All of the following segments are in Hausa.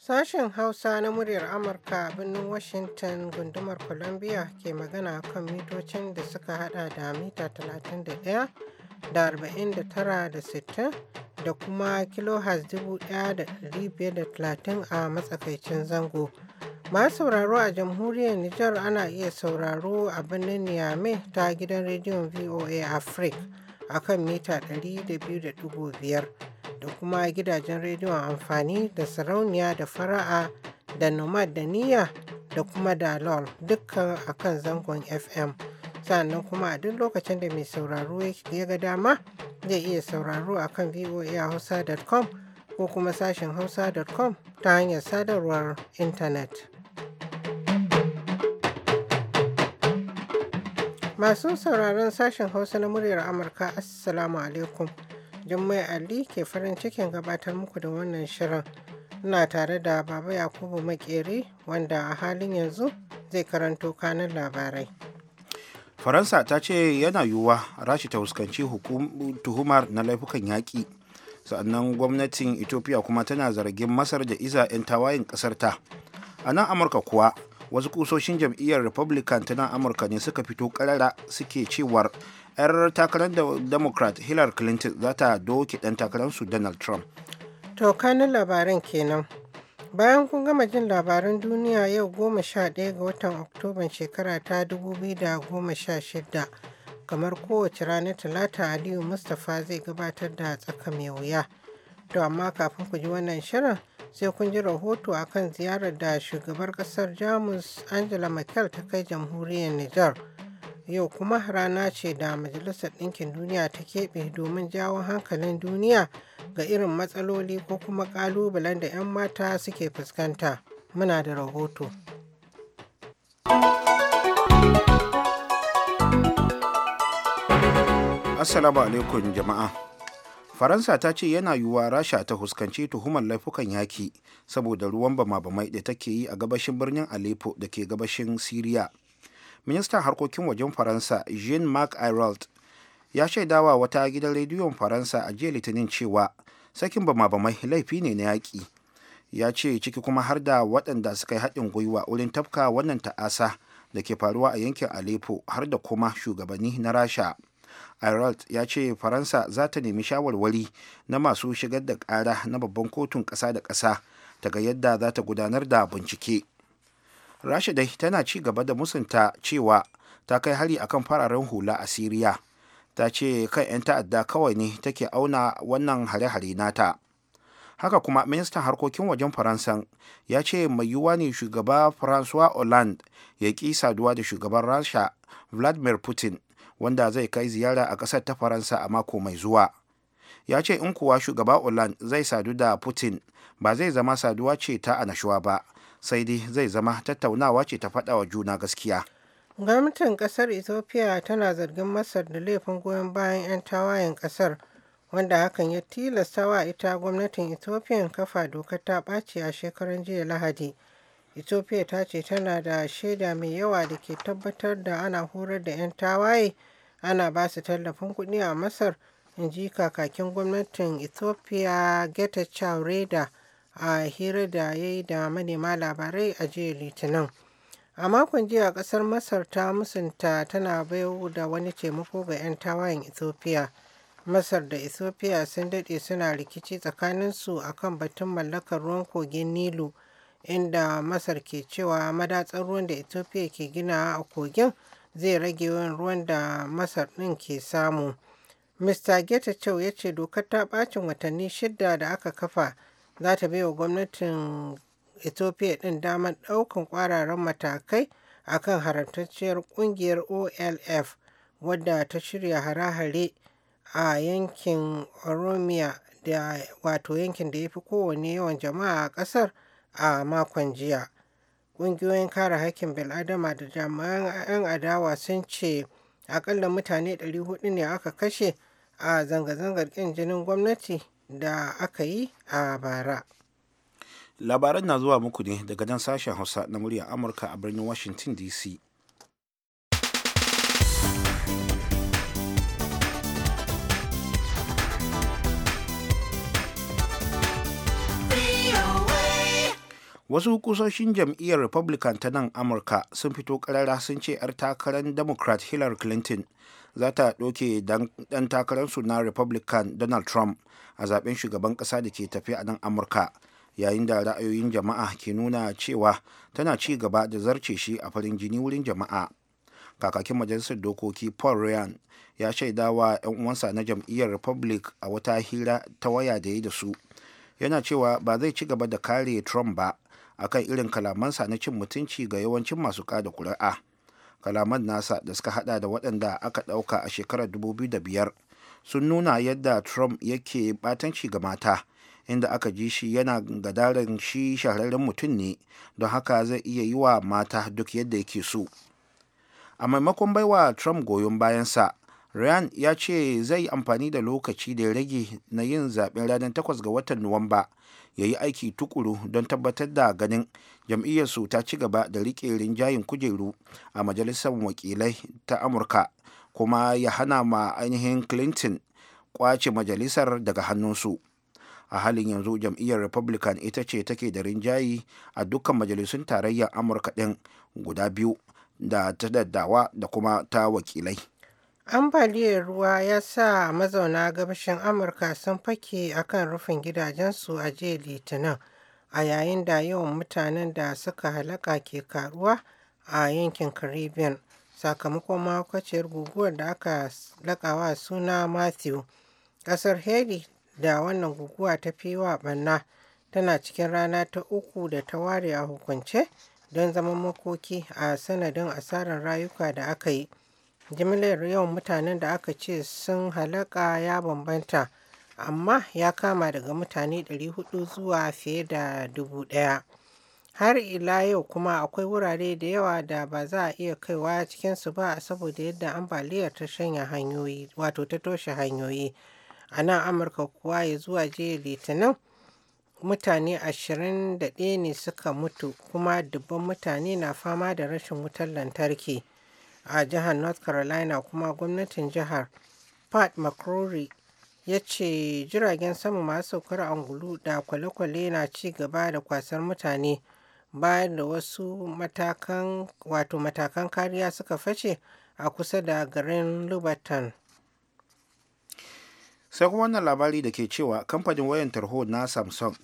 Sashen Hausa na muryar Amurka a birnin Washington gundumar Columbia ke magana kan mitocin da suka hada da mita 31 da 49 da 60 da kuma kilohaz 1530 a matsakaicin zango. Ma sauraro a jamhuriyar Nijar ana iya sauraro a birnin Niamey ta gidan rediyon VOA Africa a kan mita 200.5 da kuma gidajen rediyon amfani da sarauniya da fara'a da nomad da niya da kuma lol dukkan a kan zangon FM. Sannan kuma a duk lokacin da mai sauraro ya ga dama zai iya sauraro a kan voahausa.com ko kuma sashen hausa.com ta hanyar sadarwar intanet. Masu sauraron sashen Hausa na muryar Amurka, Assalamu alaikum. Jummai Ali ke farin cikin gabatar muku da wannan shirin. Ina tare da Baba Yakubu Makere wanda a halin yanzu zai karanto kanan labarai. Faransa ta ce yana yiwuwa rashi ta fuskanci tuhumar na laifukan yaƙi. sannan gwamnatin Ethiopia kuma tana zargin Masar da iza 'yan tawayin ƙasarta. A nan Amurka kuwa wasu kusoshin jam'iyyar republican ta nan amurka ne suka fito karara suke cewar 'yar takarar democrat hillary clinton za ta doke dan takararsu donald trump to kanin labaran kenan bayan kun gama jin labaran duniya yau goma sha ɗaya ga watan oktoban shekara ta 2016 kamar kowace ranar talata aliyu mustapha zai gabatar da tsaka mai wuya to amma kafin ku ji wannan shirin sai kun ji rahoto a kan ziyarar da shugabar ƙasar Jamus Angela Merkel ta kai jamhuriyar Niger, Yau kuma rana ce da Majalisar Ɗinkin Duniya ta keɓe domin jawo hankalin duniya ga irin matsaloli ko kuma ƙalubalen da 'yan mata suke fuskanta. Muna da rahoto. Assalamu alaikum jama'a. faransa ta ce yana yiwuwa rasha ta huskanci tuhumar laifukan yaki saboda ruwan bama-bamai da take yi a gabashin birnin aleppo da ke gabashin syria ministan harkokin wajen faransa jean marc ayrault ya shaidawa wata gidan rediyon faransa a jiya litinin cewa sakin bama-bamai laifi ne na yaƙi ya ce ciki kuma har da waɗanda suka yi haɗin gwiwa wurin tafka wannan ta'asa da ke faruwa a yankin aleppo har da kuma shugabanni na rasha Ayrault ya ce Faransa za ta nemi shawarwari na masu shigar da ƙara na babban kotun ƙasa da ƙasa daga yadda za ta gudanar da bincike. Rasha dai tana ci gaba da musunta cewa ta kai hari akan fararen hula a Siriya. Ta ce kan 'yan ta'adda kawai ne take auna wannan hare-hare nata. haka kuma ministan harkokin wajen faransa ya ce mai yiwuwa ne shugaba francois hollande ya ƙi saduwa da shugaban rasha vladimir putin wanda zai kai ziyara a ƙasar ta faransa a mako mai zuwa ya ce in kuwa shugaba Hollande zai sadu da Putin ba zai zama saduwa ce ta anashuwa ba sai dai zai zama tattaunawa ce ta faɗa wa juna gaskiya. Gwamnatin ƙasar Ethiopia tana zargin Masar da laifin goyon bayan 'yan tawayen ƙasar wanda hakan ya tilasta wa ita gwamnatin Ethiopia kafa dokar ta ɓaci a shekaran jiya Lahadi. Ethiopia ta ce tana da shaida mai yawa da ke tabbatar da ana horar da 'yan tawaye ana ba su tallafin kuɗi a masar in ji kakakin gwamnatin ethiopia geta reda a hira da ya yi da manema labarai a jiya litinin a makon jiya kasar masar ta musunta tana bayo da wani taimako ga 'yan tawayen ethiopia masar da ethiopia sun daɗe suna rikici tsakaninsu akan batun mallakar ruwan kogin nilu inda masar ke cewa madatsar ruwan da ethiopia ke ginawa a kogin zai rage yawan ruwan da masar ɗin ke samu. Mr. Getachew ya ce dokar ta ɓacin watanni shida da aka kafa za ta bai wa gwamnatin Ethiopia ɗin damar ɗaukan ƙwararan matakai a kan haramtacciyar ƙungiyar OLF wadda ta shirya hare-hare a yankin Oromia da wato yankin da ya fi kowane yawan jama'a a ƙasar a makon jiya. Ƙungiyoyin kare haƙƙin bil'adama da jami'an 'yan adawa sun ce akalla mutane 400 ne aka kashe a zanga-zangar ƙin jinin gwamnati da aka yi a bara. Labaran na zuwa muku ne daga nan sashen Hausa na muryar Amurka a birnin Washington DC. wasu kusoshin jam'iyyar republican ta nan amurka sun fito karara sun ce 'yar takarar democrat hillary clinton za ta ɗauke dan takararsu na republican donald trump a zaben shugaban ƙasa da ke tafi a nan amurka yayin da ra'ayoyin jama'a ke nuna cewa tana ci gaba da zarce shi a farin jini wurin jama'a kakakin majalisar dokoki paul ryan ya shaida wa 'yan uwansa na jam'iyyar republic a wata hira ta waya da ya da su yana cewa ba zai ci gaba da kare trump ba akan irin kalamansa na cin mutunci ga yawancin masu kada kuri'a kalaman nasa da suka hada da waɗanda aka ɗauka a shekarar 2005 sun nuna yadda trump yake batanci ga mata inda aka ji shi yana gadarin shi shahararren mutum ne don haka zai iya yi wa mata duk yadda yake so a maimakon baiwa trump goyon bayansa ryan ya ce zai amfani da lokaci da ya rage na yin zaben ranar 8 ga watan nuwamba ya yi aiki tukuru don tabbatar da ganin jam'iyyarsu ta ci gaba da riƙe rinjayen kujeru a majalisar wakilai ta amurka kuma ya hana ma ainihin clinton kwace majalisar daga hannunsu a halin yanzu jam'iyyar republican ita ce take da rinjayi a dukkan majalisun tarayyar amurka ɗin guda biyu da ta daddawa da kuma ta wakilai Ambaliyar ruwa ya sa mazauna gabashin Amurka sun fake a kan rufin gidajensu a jiya Litinin, a yayin da yawan mutanen da suka halaka ke karuwa a yankin Caribbean sakamakon mahaukaciyar guguwar da aka laƙawa suna Matthew. Ƙasar Haiti da wannan guguwa ta fi wa ɓanna tana cikin rana ta uku da ta ware a hukunce don zaman makoki a sanadin asarar rayuka da aka yi. jimillar yawan mutanen da aka ce sun halaka ya bambanta amma ya kama daga mutane 400 zuwa fiye da 1000 har ila yau kuma akwai wurare da yawa da ba za a iya kaiwa cikinsu ba saboda yadda ambaliyar ta shanya hanyoyi wato ta toshe hanyoyi a nan amurka kuwa ya zuwa je litinin mutane 21 ne suka mutu kuma dubban mutane na fama da rashin wutar lantarki a jihar north carolina kuma gwamnatin jihar pat mccrory ya ce jiragen sama masu saukar angulu da kwale-kwale na ci gaba da kwasar mutane bayan da wasu matakan wato matakan kariya suka face a kusa da garin lubatan sai kuma wannan labari da ke cewa kamfanin wayan tarho na samsung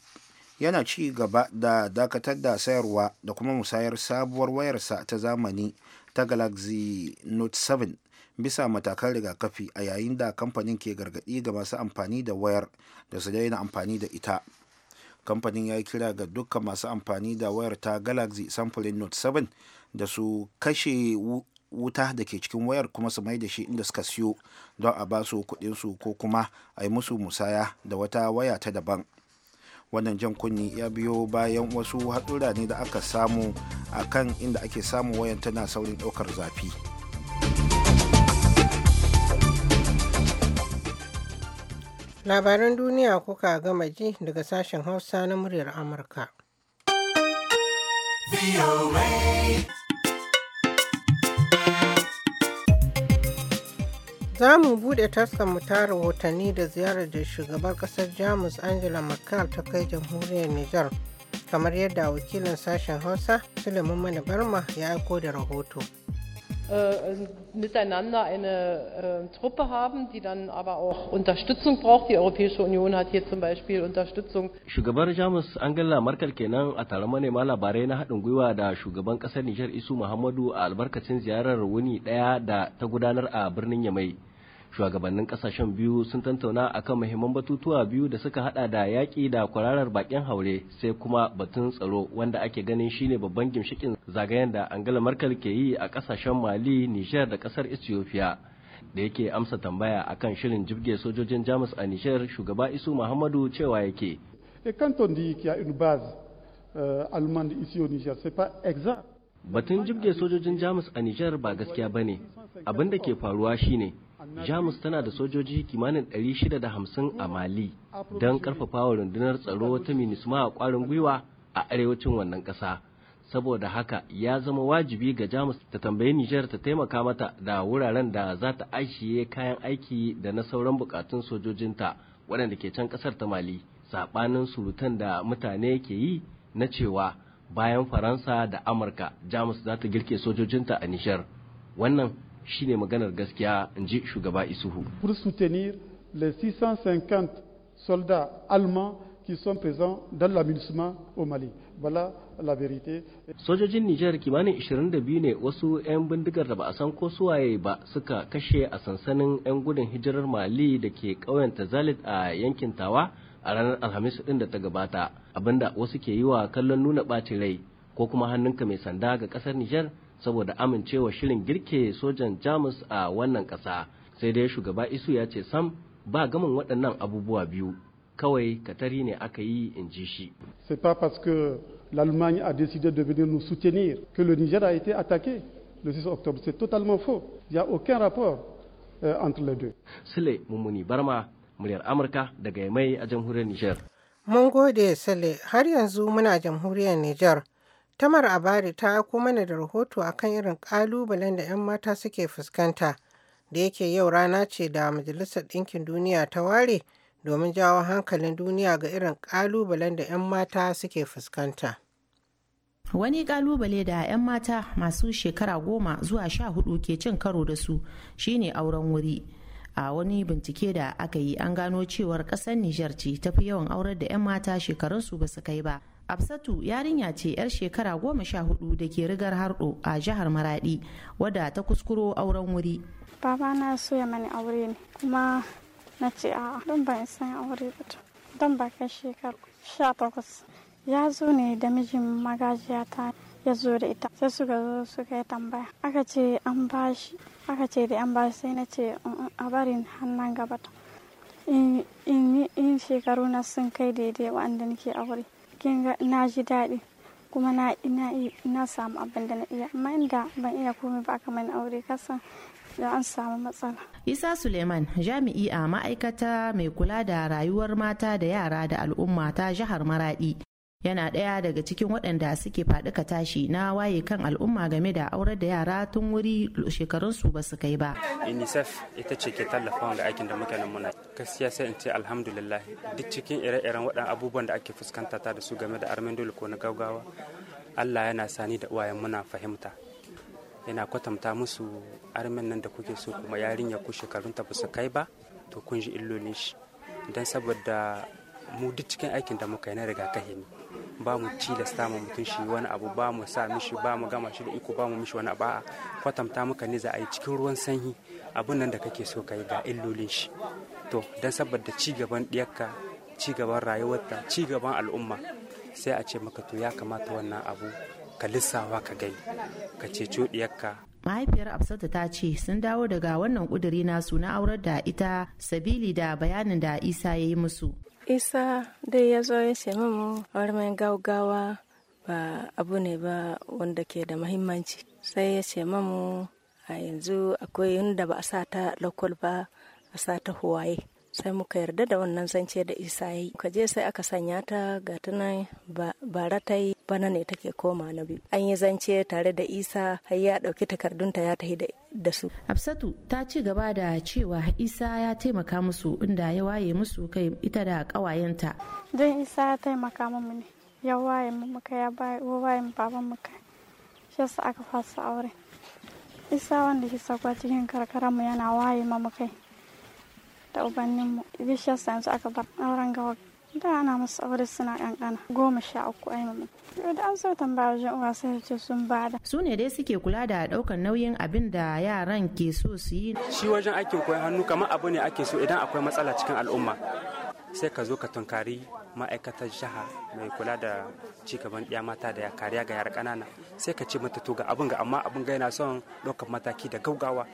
yana ci gaba da dakatar da sayarwa da kuma musayar sabuwar wayarsa ta zamani ta galaxy note 7 bisa matakan rigakafi a yayin da kamfanin ke gargadi ga masu amfani da wayar da su daina amfani da ita kamfanin ya yi kira ga dukkan masu amfani da wayar ta galaxy sampling note 7 da su kashe wuta da ke cikin wayar kuma su mai da shi inda suka siyo don a ba su kuɗinsu ko kuma a yi musu musaya da wata waya ta daban wannan jan kunni ya biyo bayan wasu haɗura ne da aka samu a kan inda ake samun wayan tana saurin ɗaukar zafi labaran duniya kuka gama ji daga sashen hausa na muryar amurka Za mu buɗe taskar mu ta rahotanni da ziyarar da shugabar kasar Jamus Angela Merkel ta kai jamhuriyar Niger, kamar yadda wakilin sashen Hausa Suleiman Mani Barma ya aiko da rahoto. Äh, also miteinander eine äh, Truppe haben, die dann aber auch Unterstützung braucht. Die Europäische Union hat hier zum Beispiel Unterstützung. Shugabar Jamus Angela Merkel kenan a taron manema labarai na haɗin gwiwa da shugaban ƙasar Nijar Isu Muhammadu a albarkacin ziyarar wuni ɗaya da ta gudanar a birnin Yamai. shugabannin kasashen biyu sun tantauna akan muhimman batutuwa biyu da suka hada da yaƙi da kwararar bakin haure sai kuma batun tsaro wanda ake ganin shine babban gimshikin zagayen da angela merkel ke yi a kasashen mali niger da kasar ethiopia da yake amsa tambaya akan shirin jibge sojojin jamus a niger shugaba isu muhammadu cewa yake euh, Batun jibge sojojin Jamus a niger ba gaskiya ba ne, abin da ke faruwa shine jamus tana da sojoji kimanin 650 a mali don karfafa rundunar tsaro ta minisma a kwarin gwiwa a arewacin wannan ƙasa saboda haka ya zama wajibi ga jamus ta tambayi nijar ta taimaka mata da wuraren da za ta aishiye kayan aiki da na sauran bukatun sojojinta waɗanda ke can ƙasar ta mali saɓanin surutan da mutane ke yi na cewa bayan faransa da amurka jamus za ta girke sojojinta a nijar wannan shine maganar gaskiya in ji shugaba isuhu pour soutenir les 650 soldats allemands qui sont présents dans au Mali. Voilà la vérité. Sojojin Nijar kimanin 22 ne wasu 'yan bindigar da ba a san ko suwaye ba suka kashe a sansanin 'yan gudun hijirar Mali da ke ƙauyen Tazalit a yankin Tawa a ranar Alhamis ɗin da ta gabata, abinda wasu ke yi wa kallon nuna batirai rai ko kuma hannunka mai sanda ga kasar Nijar saboda amincewa shirin girke sojan jamus a wannan ƙasa sai dai shugaba isu ya ce sam ba gaman waɗannan abubuwa biyu kawai katari ne aka yi in ji shi c'est pas parce que l'Allemagne a décidé de venir nous soutenir que le Niger a été attaqué le 6 octobre c'est totalement faux il y a aucun rapport euh, entre les deux Sule Mumuni Barma muryar Amurka daga Yamai a jamhuriyar Niger mun gode sile har yanzu muna jamhuriyar Niger Tamar Abari ta aiko mana da rahoto akan irin ƙalubalen da 'yan mata suke fuskanta da yake yau rana ce da Majalisar Ɗinkin Duniya ta ware domin jawo hankalin duniya ga irin ƙalubalen da 'yan mata suke fuskanta. Wani kalubale da 'yan mata masu shekara goma zuwa sha hudu ke cin karo da su shine auren wuri. A wani bincike da aka yi an gano cewar ƙasar Nijar ce tafi yawan aurar da 'yan mata shekarunsu ba su kai ba. Absatu yarinya ce 'yar shekara goma sha hudu da ke rigar harɗo a jihar Maradi wadda ta kuskuro auren wuri. Baba na so ya mani aure ne kuma na ce a don ba in san aure ba don ba kai shekara sha takwas. Ya zo ne da mijin Magajiya ta ya zo da ita sai suka zo su ga tambaya aka ce an bashi aka ce da an bashi sai na ce a barin hannun gaba in shekaru na sun kai daidai wa'anda nake aure cikin na ji daɗi kuma na na samu abin da na iya amma inda ban iya komai ba kamar na aure kasan da an samu matsala. Isa Suleiman jami'i a ma'aikata mai kula da rayuwar mata da yara da al'umma ta jihar maraɗi. yana ɗaya daga cikin waɗanda suke faɗuka tashi na waye kan al'umma game da aurar da yara tun wuri shekarunsu ba su kai ba. unicef ita ce ke tallafa da aikin da muke nan muna gaskiya sai in ce alhamdulillah duk cikin ire-iren waɗannan abubuwan da ake fuskanta ta da su game da armen dole ko na gaugawa allah yana sani da uwayen muna fahimta yana kwatanta musu armen nan da kuke so kuma yarinya ku shekarunta ba su kai ba to kun ji illolin shi don saboda mu duk cikin aikin da muka yi na rigakafi ne ba mu tilasta ma mutum shi wani abu ba mu sa mishi ba mu gama shi da iko ba mu mishi wani abu a kwatanta muka ne za a yi cikin ruwan sanyi abun nan da kake so ka yi ga illolin shi to dan saboda ci gaban diyarka ci gaban rayuwarta ci gaban al'umma sai a ce maka to ya kamata wannan abu ka lissawa ka gani ka ceto ɗiyarka mahaifiyar absata ta ce sun dawo daga wannan kuduri nasu na aurar da ita sabili da bayanin da isa ya yi musu isa dai ya zo ya ce mamu mai gaugawa ba abu ne ba wanda ke da mahimmanci sai ya ce mamu a yanzu akwai inda ba a sa ta lokal ba a sa ta huwaye sai muka yarda da wannan zance da isa yi ka je sai aka sanya ta ga tunan bara ta yi bana ne take koma na biyu an yi zance tare da isa har ya ɗauki takardunta ya tafi da su Hafsatu ta ci gaba da cewa isa ya taimaka musu inda ya waye musu kai ita da kawayenta. don isa ya taimaka mu ne ya waye mu muka ya waye baban muka shi aka fasa aure isa wanda ke sakwa cikin karkara yana waye mu kai da ubanninmu bishiyarsa yanzu aka bar auren gawa da ana masu aure suna kankana goma sha uku ai mu da an so tambaya wajen uwa sai ce sun bada su ne dai suke kula da daukan nauyin abin da yaran ke so su yi shi wajen aikin koyon hannu kamar abu ne ake so idan akwai matsala cikin al'umma sai ka zo ka tunkari ma'aikatar jiha mai kula da cigaban ya mata da kariya ga yara ƙanana sai ka ce mata to ga abin ga amma abin ga yana son ɗaukar mataki da gaugawa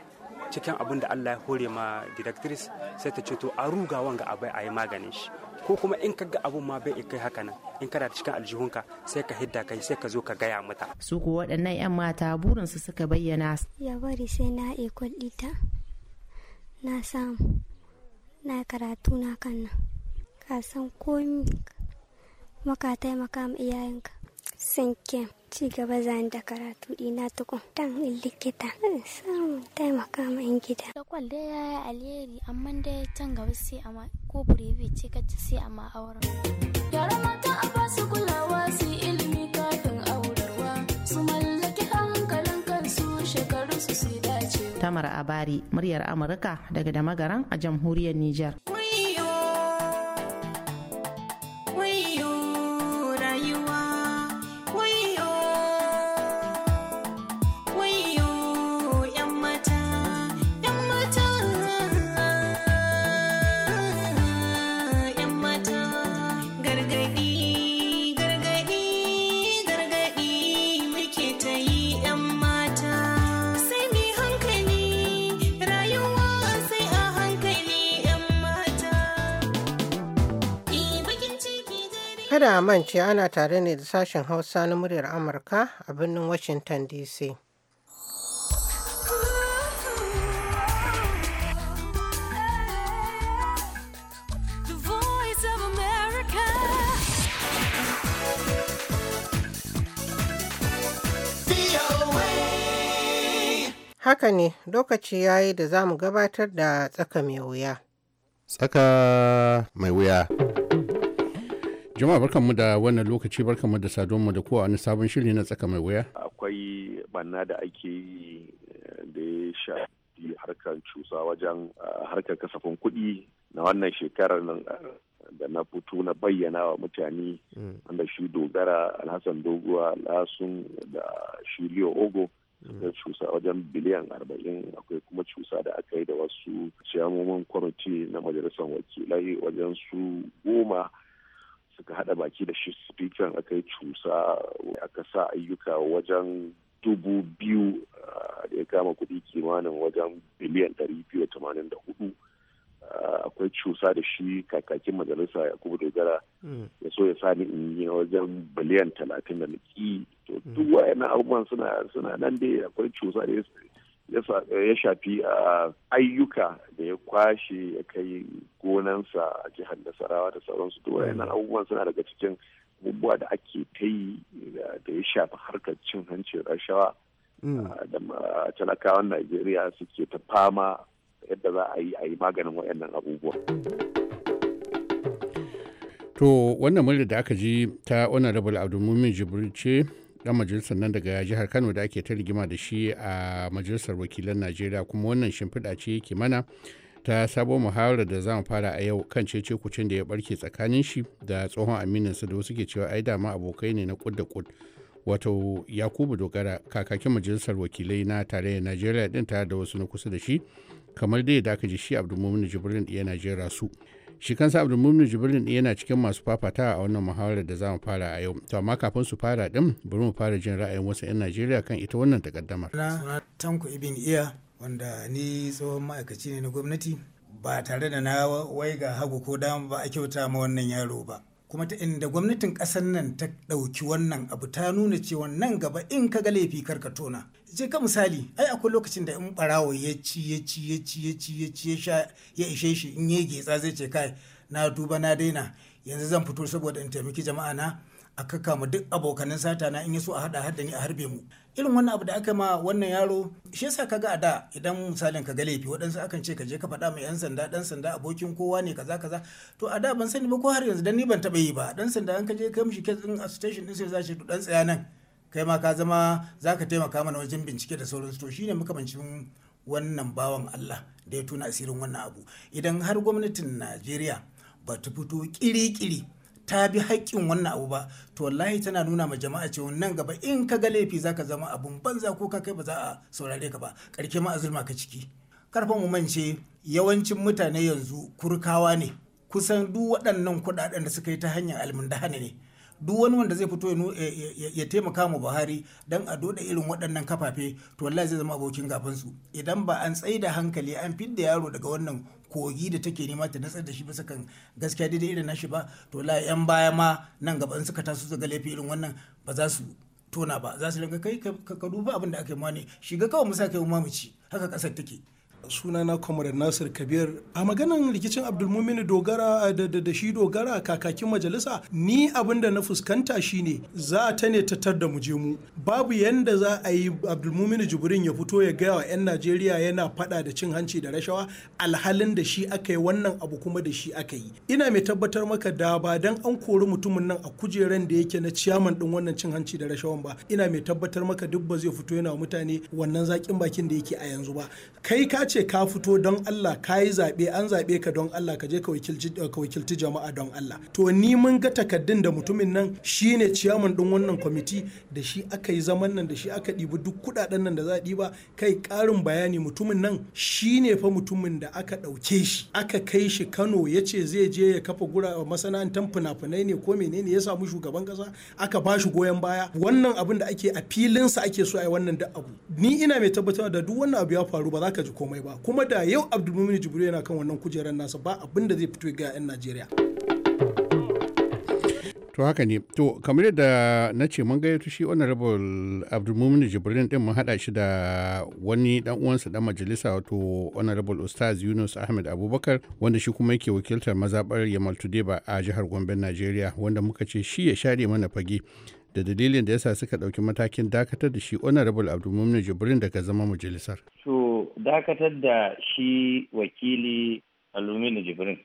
cikin abin da Allah ya hore ma directrice sai ta ce to a ruga wanga abai a yi maganin shi ko kuma in ka ga abun ma bai kai haka nan in kana da cikin aljihunka sai ka hidda kai sai ka zo ka gaya mata su ko waɗannan yan mata burin su suka bayyana ya bari sai na ikon ɗita na samu na karatu na kan nan ka san komi maka taimaka ma iyayenka sinkin ci gaba zan da karatu ɗina tukun dan likita samun samu taimaka min gida. Lakwal da ya yi alheri amma ya can gaba sai a ma ko birebe ce ci sai a ma auren. Yara mata a basu kulawa su ilimi kafin aurarwa su mallaki hankalin kansu shekaru su su dace. Tamar Abari, muryar Amurka daga Damagaran a jamhuriyar Nijar. da a mance ana tare ne da sashen Hausa na muryar Amurka a birnin Washington DC. Haka ne lokaci ya yi da za mu gabatar da tsaka mai wuya. Tsaka mai wuya. Jama'a barkanmu da wannan lokaci barkanmu da mu da kowa wani sabon shiri na tsaka mai wuya. Akwai banna da ake yi eh, da ya shafi harkar cusa wajen eh, harkar kasafin kuɗi na wannan shekarar nan eh, da na fito na bayyana wa mutane mm. wanda shi dogara alhassan doguwa lasun da shi leo ogo da mm. cusa wajen biliyan arba'in akwai kuma cusa da aka yi da wasu ciyamomin kwamiti na majalisar wakilai wajen su goma suka hada baki da shi speaker aka yi cusa aka sa ayyuka wajen dubu biyu ah, da ya kama kuɗi kimanin wajen biliyan ɗari biyu da tamanin da hudu ah, akwai cusa da shi kakakin majalisa ya yakubu dogara hmm. ya so ya sani in yi wajen biliyan talatin da niki to duk hmm. wayannan abubuwan suna nan dai akwai cusa da ya shafi ayyuka da ya kwashe ya kai gonansa a jihar nasarawa da sauransu da wayannan mm. abubuwan suna daga cikin abubuwa da ake ta yi da ya shafi harkar cin hanci rashawa mm. da talakawan najeriya suke ta fama yadda za a yi a yi maganin wayannan abubuwa. to wannan murya da aka ji ta honorable abdulmumin jibril ce dan majalisar nan daga jihar kano da ake ta rigima da shi a majalisar wakilan najeriya kuma wannan shimfiɗa ce yake mana ta sabo muhawarar da za mu fara a yau kan cece kucin da ya barke tsakanin shi da tsohon aminin su da wasu ke cewa ai dama abokai ne na kud da kud wato yakubu dogara kakakin majalisar wakilai na tarayyar najeriya din tare da wasu na kusa da shi kamar dai da aka ji shi abdulmumin jibrin iya najeriya su shi kansa abdulmumin jibrin yana cikin masu fafata a wannan muhawarar da za mu fara a yau to amma kafin su fara din bari mu fara jin ra'ayin wasu 'yan najeriya kan ita wannan takaddamar na tanko ibn iya wanda ni tsohon ma'aikaci ne na gwamnati ba tare da na ga hagu ko dama ba a kyauta ma wannan yaro ba kuma ta inda gwamnatin ƙasar nan ta ɗauki wannan abu ta nuna cewa nan gaba in ka ga laifi kar ka tona je ka misali ai akwai lokacin da in barawo ya ci ya ci ya ci ya ci ya ci ya sha ya ishe shi in ya getsa zai ce kai na duba na daina yanzu zan fito saboda in taimaki jama'a na a kaka mu duk abokanin sata na in ya so a hada hada ni a harbe mu irin wannan abu da aka ma wannan yaro shi yasa kaga a da idan misalin ka ga laifi waɗansu akan ce ka je ka faɗa mai yan sanda dan sanda abokin kowa ne kaza kaza to a da ban sani ba ko har yanzu dan ni ban taɓa yi ba dan sanda an ka je kai mishi kes din a station din sai za shi to dan tsaya nan kai ma ka zama za ka taimaka mana wajen bincike da sauransu to shine makamancin wannan bawan Allah da ya tuna asirin wannan abu idan har gwamnatin Najeriya ba ta fito kiri-kiri ta bi haƙƙin wannan abu ba to wallahi tana nuna ma jama'a cewa nan gaba in ka ga laifi za ka zama abun banza ko ka kai ba za a saurare ka ba karke ma azurma ka ciki karfan mu mance yawancin mutane yanzu kurkawa ne kusan duk waɗannan kuɗaɗen da suka yi ta hanyar almundahani ne duk wani wanda zai fito ya taimaka mu buhari don a doda irin waɗannan kafafe to wallahi zai zama abokin gafansu idan ba an tsaida hankali an fidda yaro daga wannan kogi da take nema ta nasar da shi bisa kan gaskiya daidai irin nashi ba to wallahi yan baya ma nan gaba in suka taso daga laifi irin wannan ba za su tona ba za su rinka kai ka duba abin da aka yi ma ne shiga kawai mu sa kai mu ci haka kasar take sunana comrade nasir kabir a maganan rikicin abdulmumin dogara da shi dogara kakakin majalisa ni abin da na fuskanta shine za ta ne tattar da muje mu babu yadda za a yi abdulmumin jibrin ya fito ya gaya wa 'yan najeriya yana fada da cin hanci da rashawa alhalin da shi aka yi wannan abu kuma da shi aka yi ina mai tabbatar maka da ba dan an kori mutumin nan a kujeran da yake na ciyaman din wannan cin hanci da rashawan ba ina mai tabbatar maka duk ba zai fito yana mutane wannan zakin bakin da yake a yanzu ba kai ka ce ka fito don Allah ka yi zaɓe an zaɓe ka don Allah ka je ka wakilci jama'a don Allah to ni mun ga takaddun da mutumin nan shine ciyaman din wannan kwamiti da shi aka yi zaman nan da shi aka ɗibi duk kuɗaɗen nan da za a ɗiba kai ƙarin bayani mutumin nan shine fa mutumin da aka ɗauke shi aka kai shi Kano ya ce zai je ya kafa gura masana'antar fina-finai ne ko menene ya samu shugaban ƙasa aka ba shi goyon baya wannan abin da ake a filinsa ake so a yi wannan duk abu ni ina mai tabbatar da duk wannan abu ya faru ba za ka ji komai ba kuma da yau abdulmumin jibril yana kan wannan kujerar nasa ba abin da zai fito ga 'yan najeriya to haka ne to kamar yadda na ce mun gayyato shi honorable abdulmumin jibril din mun hada shi da wani dan uwansa dan majalisa wato honorable ustaz yunus ahmed abubakar wanda shi kuma yake wakiltar mazabar yamal tudeba a jihar gombe najeriya wanda muka ce shi ya share mana fage da dalilin da yasa suka dauki matakin dakatar da shi honorable abdulmumin jibrin daga zama majalisar to dakatar da shi wakili alumini jibrin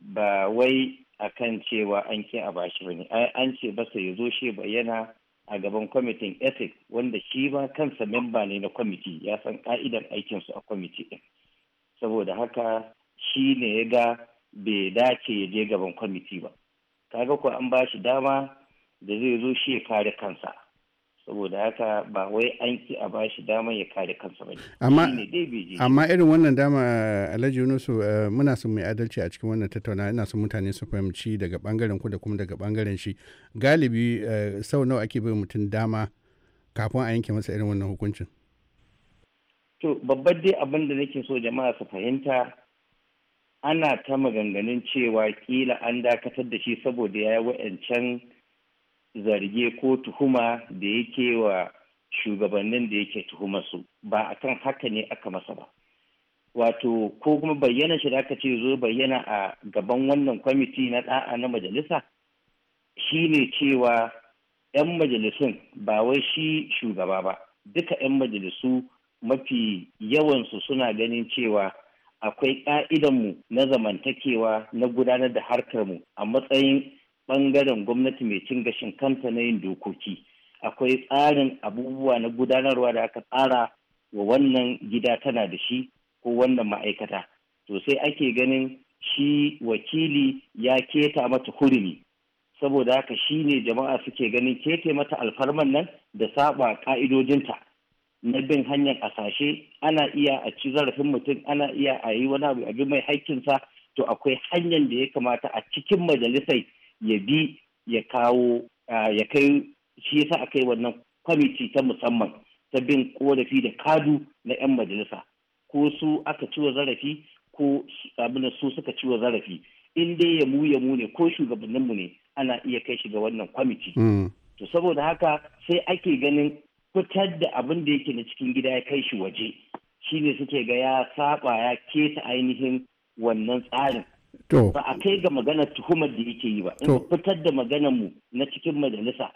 ba wai a kan cewa an ki a bashi ba ne an ce basa ya zo shi bayyana a gaban kwamitin ethic wanda shi ba kansa memba ne na kwamiti ya san ka'idan aikinsu a kwamiti ɗin saboda haka shi ne ya ga bai dace ya je gaban kwamiti ba kaga ko an bashi dama da zai zo shi ya kare kansa saboda haka ba wai an ki a bashi dama ya kare kansa ba amma amma irin wannan dama alhaji yunusu eh, muna son mai adalci a cikin wannan tattauna ina son mutane su fahimci daga bangaren ku da kuma daga bangaren shi galibi eh, sau nawa ake bai mutum dama kafin a yanke masa irin wannan hukuncin to babban dai abin da nake so jama'a su fahimta ana ta maganganun cewa kila an dakatar da shi saboda ya yi wa'ancan zarge ko tuhuma da yake wa shugabannin da yake tuhuma su ba kan haka ne aka masa ba wato ko kuma bayyana shi da aka ce zo bayyana a gaban wannan kwamiti na da'a na majalisa shine cewa 'yan majalisun ba wai shi shugaba ba duka 'yan majalisu mafi yawansu suna ganin cewa akwai ƙa'idanmu na zamantakewa na gudanar da harkarmu a matsayin ɓangaren gwamnati mai cin gashin kanta na yin dokoki akwai tsarin abubuwa na gudanarwa da aka tsara wa wannan gida tana da shi ko wannan ma'aikata sosai ake ganin shi wakili ya keta mata hurumi saboda haka shi ne jama'a suke ganin kete mata alfarman nan da saba ka'idojinta na bin hanyar asashe ana iya a ci zarafin mutum ana iya a yi wani abu mai haƙƙinsa to akwai hanyar da ya kamata a cikin majalisai ya bi ya kawo ya kai shi yasa aka yi wannan kwamiti ta musamman ta bin korafi da kadu na 'yan majalisa ko su aka ciwo zarafi ko abin su suka ciwo zarafi in dai ya mu ya mu ne ko shugabanninmu ne ana iya kai shi ga wannan kwamiti hmm. to saboda haka sai ake ganin fitar da abin da yake na cikin gida ya kai shi waje shi shine suke ga ya saba ya keta ainihin wannan tsarin ba a kai ga magana tuhumar da yake yi ba in fitar da maganar mu na cikin majalisa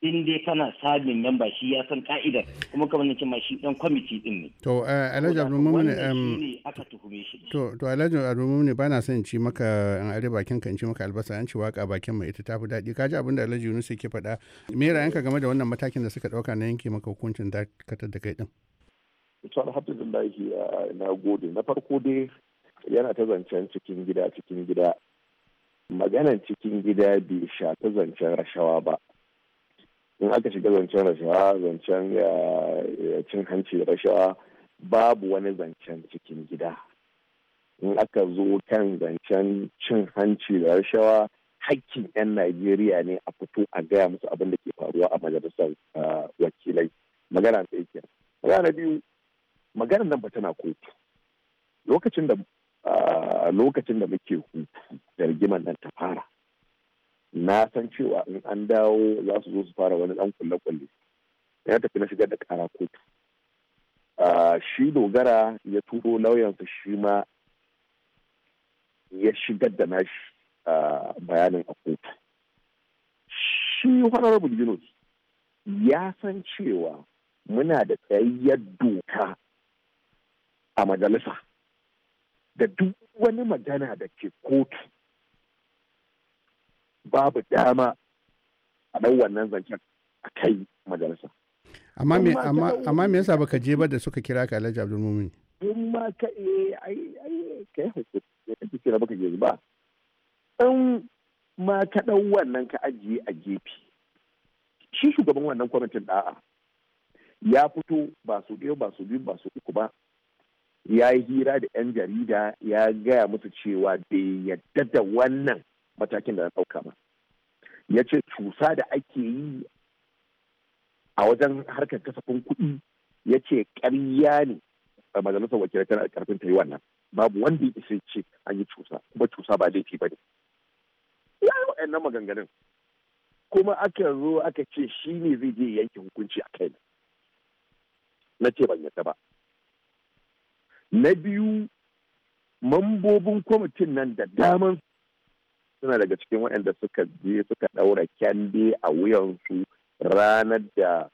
in dai kana sabin memba shi ya san ka'idar kuma kamar nace ma shi dan kwamiti din ne to eh, alhaji ne aka tuhume shi to to alhaji Mumin ba na son ci maka an are bakin in ci maka albasa an ci waka bakin mai ita ta fi daɗi kaji abin da alhaji yunus yake faɗa me ra'ayinka game da wannan matakin da suka ɗauka na yanke maka hukuncin dakatar da kai din to alhamdulillah eh, na gode na farko dai yana ta zancen cikin gida cikin gida maganan cikin gida bai shafi zancen rashawa ba in aka shiga zancen rashawa zancen ya eh, cin hanci da rashawa babu wani zancen cikin gida in aka zo kan zancen cin hanci da rashawa hakkin 'yan najeriya ne a fito a gaya musu abin da ke faruwa a majalisar eh, wakilai magana ta yake magana biyu magana nan ba tana kotu lokacin da lokacin da muke hutu da rigimar nan ta fara na san cewa in an dawo za su zo su fara wani dan kulle-kulle ya tafi na shigar da kara kotu shi dogara ya turo lauyansa shi ma ya shigar da nashi bayanin a kotu shi honorable yunus ya san cewa muna da tsayayyar doka a majalisa da duk wani magana da ke kotu babu dama a dan wannan zancen a kai majalisa. Amma me yasa baka je ba da suka kira ka Alhaji Abdul Mumin? In ma ka kai eh, kira baka je ba. ma ka wannan ka ajiye a gefe. Shi shugaban wannan kwamitin ɗa'a ya fito ba su ɗaya ba su biyu ba su uku ba ya yi hira da 'yan jarida ya gaya musu cewa bai yadda da wannan matakin da na ɗauka ba ya ce cusa da ake yi a wajen harkar kasafin kuɗi ya ce ƙarya ne a majalisar wakilai tana karfin ta yi wannan babu wanda ya ce an yi cusa kuma cusa ba laifi ba ne ya yi waɗannan maganganun kuma aka zo aka ce shi ne zai je yanke hukunci a kai na ce ban yadda ba na biyu mambobin kwamitin nan da daman suna daga cikin waɗanda suka je suka ɗaura kyande a wuyansu ranar da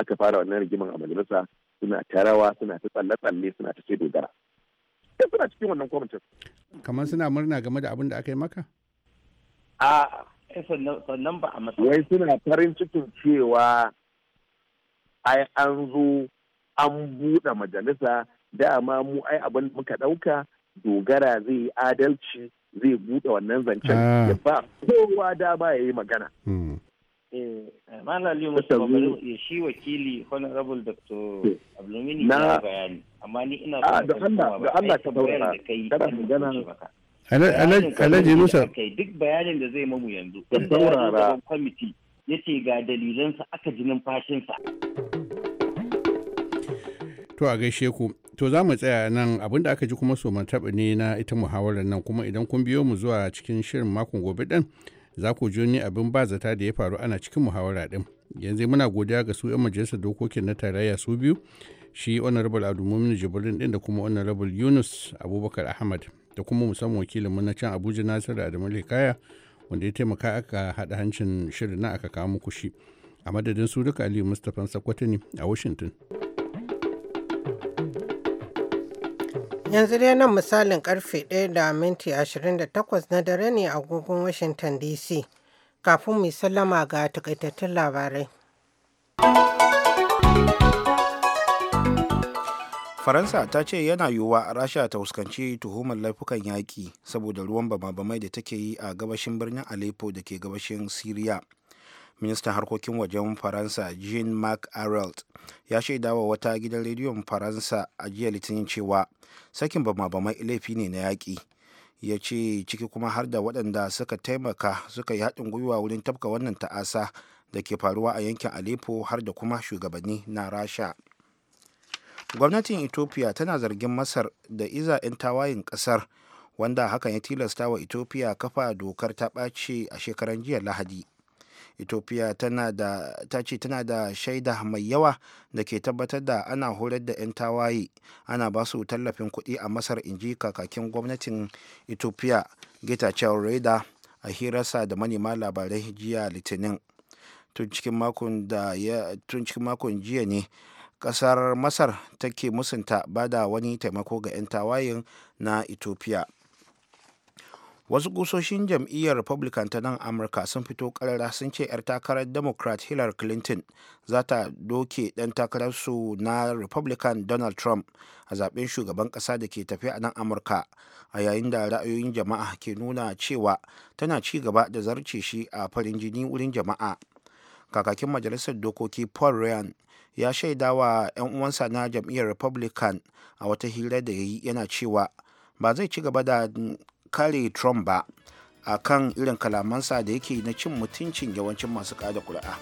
aka fara wannan rigiman a majalisa suna ta rawa suna ta tsalle-tsalle suna ta sai dogara sai suna cikin wannan kwamitin kamar suna murna game da abin da aka yi maka a eh, sannan ba a matsayi wai suna farin cikin cewa ai an zo an buɗe majalisa dama mu ai abin muka ɗauka dogara zai yi adalci zai buɗe wannan zancen ah. ya ba kowa dama ya yi magana. Malali Musamman ya shi wakili Honorable Dr. Eh. Abdulmini ya bayani, amma ni ina ah, da kai da kai kana magana. Alhaji Musa. Duk bayanin da zai mamu yanzu. Da saurara. Kwamiti ya ce ga dalilansa aka ji numfashinsa. To a gaishe ku To za mu tsaya nan abin da aka ji kuma so taɓa ne na ita muhawarar nan kuma idan kun biyo mu zuwa cikin shirin makon gobe ɗin za ku ji ni abin ba zata da ya faru ana cikin muhawara ɗin. Yanzu muna godiya ga su 'yan majalisar dokokin na tarayya su biyu shi honorable Abdulmumin Jibrin ɗin da kuma honorable Yunus Abubakar Ahmad da kuma musamman wakilinmu na can Abuja Nasiru Adamu Lekaya wanda ya taimaka aka haɗa hancin shirin na aka kawo muku shi. A madadin su duka Aliyu Mustapha Sakwatani a Washington. Yanzu dai nan misalin karfe 1 da minti 28 na dare ne a agogon Washington DC. Kafin mu sallama ga takaitattun labarai. Faransa ta ce yana yiwuwa a Rasha ta fuskanci tuhumar laifukan yaƙi saboda ruwan bama-bamai da take yi a gabashin birnin Aleppo da ke gabashin syria. ministan harkokin wajen faransa jean marc arelt ya shaida wa wata gidan rediyon faransa a jiya litinin cewa sakin bama-bamai laifi ne na yaƙi ya ce ciki kuma har da waɗanda suka taimaka suka yi haɗin gwiwa wurin tafka wannan ta'asa da ke faruwa a yankin aleppo har da kuma shugabanni na rasha gwamnatin ethiopia tana zargin masar da iza 'yan tawayin ƙasar wanda hakan ya tilasta wa ethiopia kafa dokar ta ɓace a shekaran jiya lahadi ethiopia ta ce tana da shaida mai yawa da ke tabbatar da ana horar da 'yan tawaye ana ba su tallafin kuɗi a masar inji kakakin gwamnatin ethiopia gita reda a hirarsa da manema labarai jiya litinin tun cikin makon jiya ne kasar masar take musunta bada wani taimako ga 'yan tawayen na ethiopia wasu kusoshin jam'iyyar republican ta nan amurka sun fito karara sun ce 'yar takarar democrat hillary clinton za ta doke dan takararsu na republican donald trump a zaben shugaban kasa da ke tafi a nan amurka a yayin da ra'ayoyin jama'a ke nuna cewa tana ci gaba da zarce shi a farin jini wurin jama'a kakakin majalisar dokoki paul ryan ya shaidawa 'yan uwansa na jam'iyyar republican a wata hira da ya yi yana cewa ba zai ci gaba da kare trump ba a kan irin kalamansa da yake na cin mutuncin yawancin masu kada kuri'a.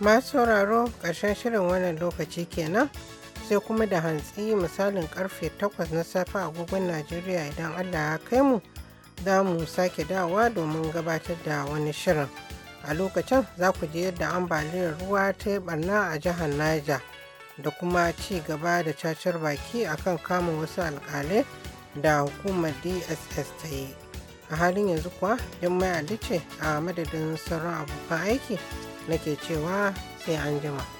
masu sauraro ƙarshen shirin wannan lokaci kenan sai kuma da hantsi misalin karfe 8 na safe a agogon najeriya idan allah ya kai mu za mu sake dawa domin gabatar da wani shirin a lokacin za ku je yadda ambaliyar ruwa ta yi barna a jihar niger da kuma ci gaba da cacar baki akan kamun wasu alƙalai. da hukumar dss ta yi a halin yanzu kuwa don mai ce a madadin sauran abokan aiki nake cewa sai an jima.